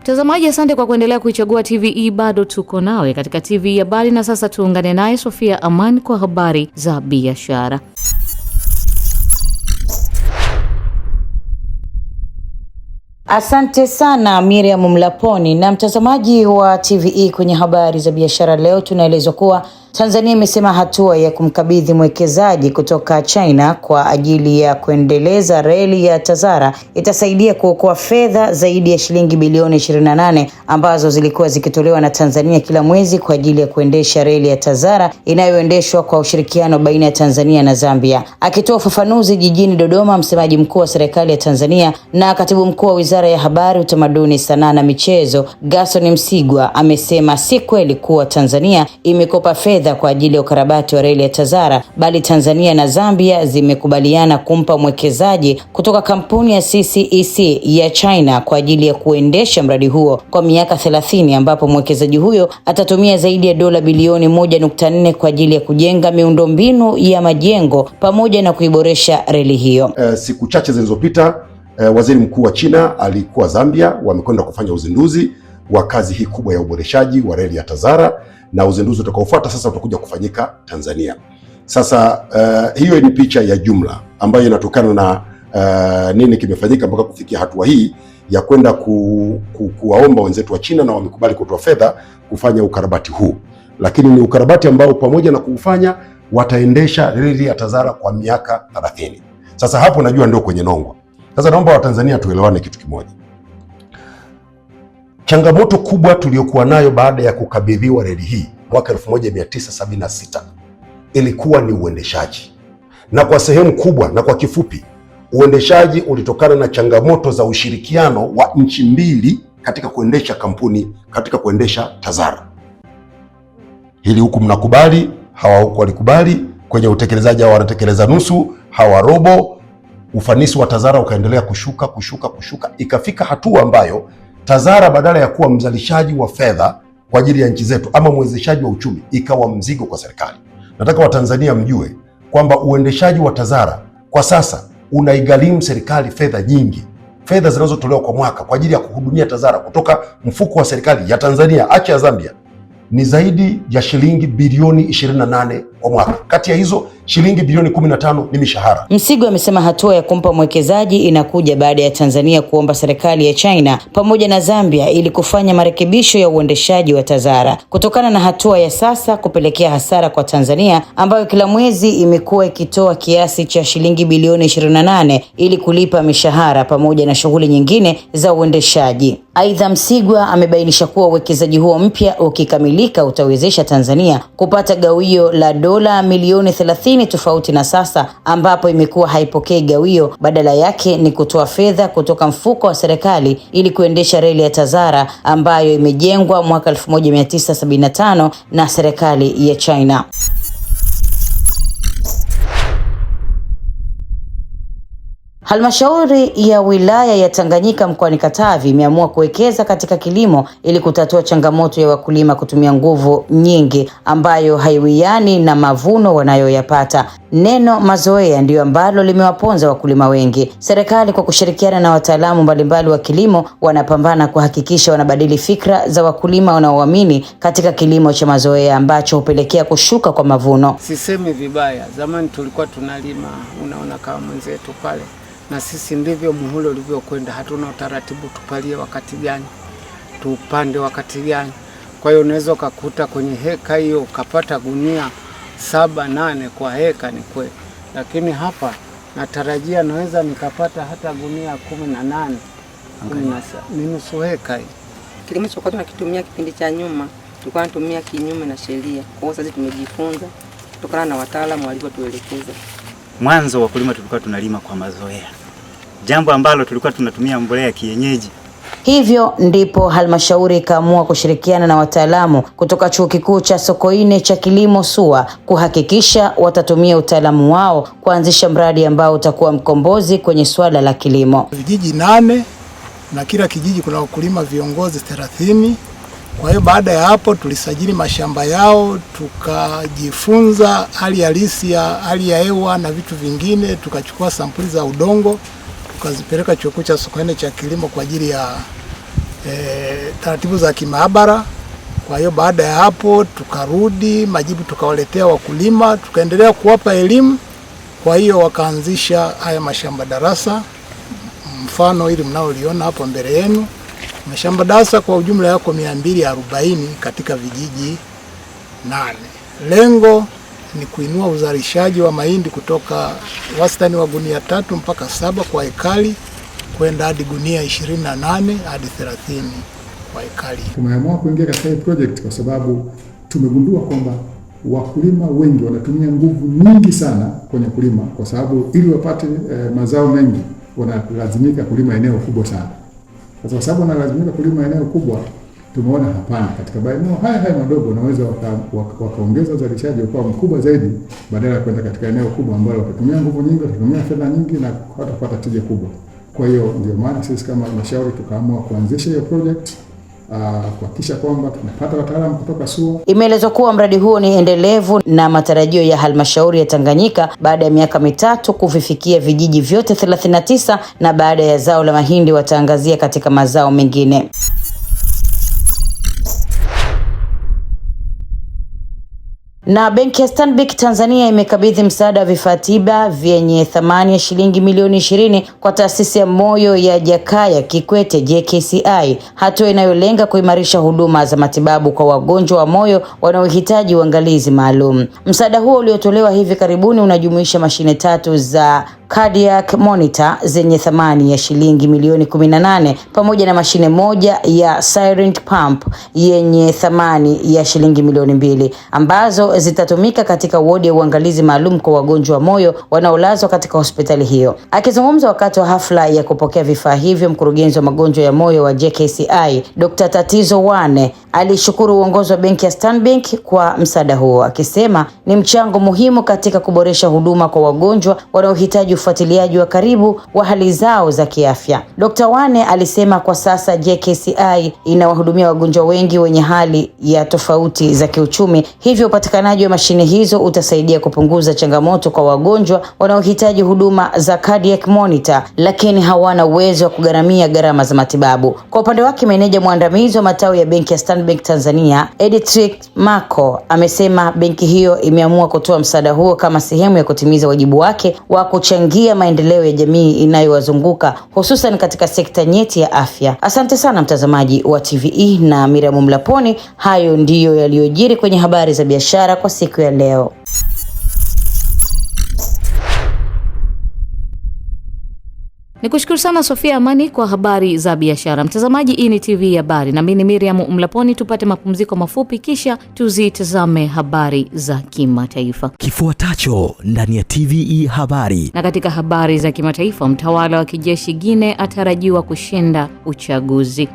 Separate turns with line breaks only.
Mtazamaji, asante kwa kuendelea kuichagua TVE, bado tuko nawe katika TVE Habari, na sasa tuungane naye Sofia Aman kwa habari za biashara. Asante sana Miriam Mlaponi. Na mtazamaji wa TVE, kwenye habari za biashara leo tunaelezwa kuwa Tanzania imesema hatua ya kumkabidhi mwekezaji kutoka China kwa ajili ya kuendeleza reli ya Tazara itasaidia kuokoa fedha zaidi ya shilingi bilioni 28 ambazo zilikuwa zikitolewa na Tanzania kila mwezi kwa ajili ya kuendesha reli ya Tazara inayoendeshwa kwa ushirikiano baina ya Tanzania na Zambia. Akitoa ufafanuzi jijini Dodoma, msemaji mkuu wa serikali ya Tanzania na katibu mkuu wa Wizara ya Habari, Utamaduni, Sanaa na Michezo, Gaston Msigwa amesema si kweli kuwa Tanzania imekopa fedha fedha kwa ajili ya ukarabati wa reli ya Tazara, bali Tanzania na Zambia zimekubaliana kumpa mwekezaji kutoka kampuni ya CCEC e ya China kwa ajili ya kuendesha mradi huo kwa miaka 30 ambapo mwekezaji huyo atatumia zaidi ya dola bilioni 1.4 kwa ajili ya kujenga miundombinu ya majengo pamoja na kuiboresha reli hiyo.
Uh, siku chache zilizopita uh, waziri mkuu wa China alikuwa Zambia, wamekwenda kufanya uzinduzi wa kazi hii kubwa ya uboreshaji wa reli ya Tazara na uzinduzi utakaofuata sasa utakuja kufanyika Tanzania. Sasa uh, hiyo ni picha ya jumla ambayo inatokana na uh, nini kimefanyika mpaka kufikia hatua hii ya kwenda ku, ku, kuwaomba wenzetu wa China na wamekubali kutoa fedha kufanya ukarabati huu, lakini ni ukarabati ambao pamoja na kuufanya wataendesha reli ya Tazara kwa miaka 30. Sasa hapo najua ndio kwenye nongwa. Sasa naomba Watanzania tuelewane kitu kimoja. Changamoto kubwa tuliyokuwa nayo baada ya kukabidhiwa reli hii mwaka 1976 ilikuwa ni uendeshaji, na kwa sehemu kubwa na kwa kifupi, uendeshaji ulitokana na changamoto za ushirikiano wa nchi mbili katika kuendesha kampuni, katika kuendesha TAZARA. Hili huku mnakubali, hawa huku walikubali. Kwenye utekelezaji hawa wanatekeleza nusu, hawa robo. Ufanisi wa TAZARA ukaendelea kushuka kushuka kushuka, ikafika hatua ambayo TAZARA badala ya kuwa mzalishaji wa fedha kwa ajili ya nchi zetu ama mwezeshaji wa uchumi ikawa mzigo kwa serikali. Nataka Watanzania mjue kwamba uendeshaji wa TAZARA kwa sasa unaigharimu serikali fedha nyingi, fedha zinazotolewa kwa mwaka kwa ajili ya kuhudumia TAZARA kutoka mfuko wa serikali ya Tanzania acha ya Zambia ni zaidi ya shilingi bilioni 28 kwa mwaka. Kati ya hizo shilingi bilioni 15 ni mishahara.
Msigo amesema hatua ya kumpa mwekezaji inakuja baada ya Tanzania kuomba serikali ya China pamoja na Zambia ili kufanya marekebisho ya uendeshaji wa Tazara kutokana na hatua ya sasa kupelekea hasara kwa Tanzania ambayo kila mwezi imekuwa ikitoa kiasi cha shilingi bilioni 28 ili kulipa mishahara pamoja na shughuli nyingine za uendeshaji. Aidha, Msigwa amebainisha kuwa uwekezaji huo mpya ukikamilika utawezesha Tanzania kupata gawio la dola milioni 30 tofauti na sasa ambapo imekuwa haipokei gawio, badala yake ni kutoa fedha kutoka mfuko wa serikali ili kuendesha reli ya Tazara ambayo imejengwa mwaka 1975 na serikali ya China. Halmashauri ya wilaya ya Tanganyika mkoani Katavi imeamua kuwekeza katika kilimo ili kutatua changamoto ya wakulima kutumia nguvu nyingi ambayo haiwiani na mavuno wanayoyapata. Neno mazoea ndiyo ambalo limewaponza wakulima wengi. Serikali kwa kushirikiana na wataalamu mbalimbali wa kilimo wanapambana kuhakikisha wanabadili fikra za wakulima wanaoamini katika kilimo cha mazoea ambacho hupelekea kushuka kwa mavuno.
Sisemi vibaya, zamani tulikuwa tunalima, unaona kama mwenzetu pale na sisi ndivyo muhula ulivyokwenda. Hatuna utaratibu tupalie wakati gani, tupande wakati gani. Kwa hiyo unaweza ukakuta kwenye heka hiyo ukapata gunia saba nane kwa heka, ni kweli, lakini hapa natarajia naweza nikapata hata gunia kumi na nane ni nusu heka hii.
Kilimo cha chokuwa nakitumia kipindi cha nyuma tulikuwa tunatumia kinyume na sheria, kwa hiyo sasa tumejifunza kutokana na wataalamu walivyotuelekeza.
Mwanzo wakulima tulikuwa tunalima kwa mazoea jambo ambalo tulikuwa tunatumia mbolea ya kienyeji.
Hivyo ndipo halmashauri ikaamua kushirikiana na wataalamu kutoka chuo kikuu cha Sokoine cha kilimo SUA kuhakikisha watatumia utaalamu wao kuanzisha mradi ambao utakuwa mkombozi kwenye swala la kilimo.
Vijiji nane na kila kijiji kuna wakulima viongozi thelathini. Kwa hiyo baada ya hapo tulisajili mashamba yao, tukajifunza hali halisi ya hali ya hewa na vitu vingine, tukachukua sampuli za udongo tukazipeleka Chuo Kikuu cha Sokoine cha kilimo kwa ajili ya e, taratibu za kimaabara. Kwa hiyo baada ya hapo tukarudi, majibu tukawaletea wakulima, tukaendelea kuwapa elimu. Kwa hiyo wakaanzisha haya mashamba darasa, mfano ili mnaoliona hapo mbele yenu. Mashamba darasa kwa ujumla yako 240 katika vijiji nane. Lengo ni kuinua uzalishaji wa mahindi kutoka wastani wa gunia tatu mpaka saba kwa ekari kwenda hadi gunia 28 hadi 30 kwa ekari.
Tumeamua kuingia katika hii project kwa sababu tumegundua kwamba wakulima wengi wanatumia nguvu nyingi sana kwenye kulima, kwa sababu ili wapate eh, mazao mengi wanalazimika kulima eneo kubwa sana. kwa sababu wanalazimika kulima eneo kubwa tumeona hapana, katika maeneo haya haya madogo unaweza wakaongeza waka uzalishaji ukawa mkubwa zaidi, badala ya kwenda katika eneo kubwa ambalo watatumia nguvu nyingi, watatumia fedha nyingi na watapata tija kubwa. Kwa hiyo ndio maana sisi kama halmashauri tukaamua kuanzisha hiyo project ah, kuhakikisha kwamba tunapata wataalamu kutoka SUA.
Imeelezwa kuwa mradi huo ni endelevu na matarajio ya halmashauri ya Tanganyika baada ya miaka mitatu kuvifikia vijiji vyote 39 na baada ya zao la mahindi wataangazia katika mazao mengine. Na benki ya Stanbic Tanzania imekabidhi msaada wa vifaa tiba vyenye thamani ya shilingi milioni ishirini kwa taasisi ya moyo ya Jakaya Kikwete JKCI, hatua inayolenga kuimarisha huduma za matibabu kwa wagonjwa wa moyo wanaohitaji uangalizi maalum. Msaada huo uliotolewa hivi karibuni unajumuisha mashine tatu za cardiac monitor zenye thamani ya shilingi milioni 18 pamoja na mashine moja ya syringe pump yenye thamani ya shilingi milioni mbili ambazo zitatumika katika wodi ya uangalizi maalum kwa wagonjwa wa moyo wanaolazwa katika hospitali hiyo. Akizungumza wakati wa hafla ya kupokea vifaa hivyo, mkurugenzi wa magonjwa ya moyo wa JKCI Dr. Tatizo Wane alishukuru uongozi wa benki ya Stanbic kwa msaada huo, akisema ni mchango muhimu katika kuboresha huduma kwa wagonjwa wanaohitaji ufuatiliaji wa karibu wa hali zao za kiafya. Dr. Wane alisema kwa sasa JKCI inawahudumia wagonjwa wengi wenye hali ya tofauti za kiuchumi, hivyo upatikanaji wa mashine hizo utasaidia kupunguza changamoto kwa wagonjwa wanaohitaji huduma za cardiac monitor, lakini hawana uwezo wa kugharamia gharama za matibabu. Kwa upande wake, meneja mwandamizi wa matawi ya benki ya Stanbic African Bank Tanzania, editric Mako amesema benki hiyo imeamua kutoa msaada huo kama sehemu ya kutimiza wajibu wake wa kuchangia maendeleo ya jamii inayowazunguka hususan katika sekta nyeti ya afya. Asante sana mtazamaji wa TVE na Miramu Mlaponi, hayo ndiyo yaliyojiri kwenye habari za biashara kwa siku ya leo. ni kushukuru sana Sofia Amani kwa habari za biashara. Mtazamaji, hii ni TV Habari na mimi ni Miriam Mlaponi. Tupate mapumziko mafupi, kisha tuzitazame habari za kimataifa
kifuatacho ndani ya TVE Habari.
Na katika habari za kimataifa, mtawala wa kijeshi guine atarajiwa kushinda uchaguzi.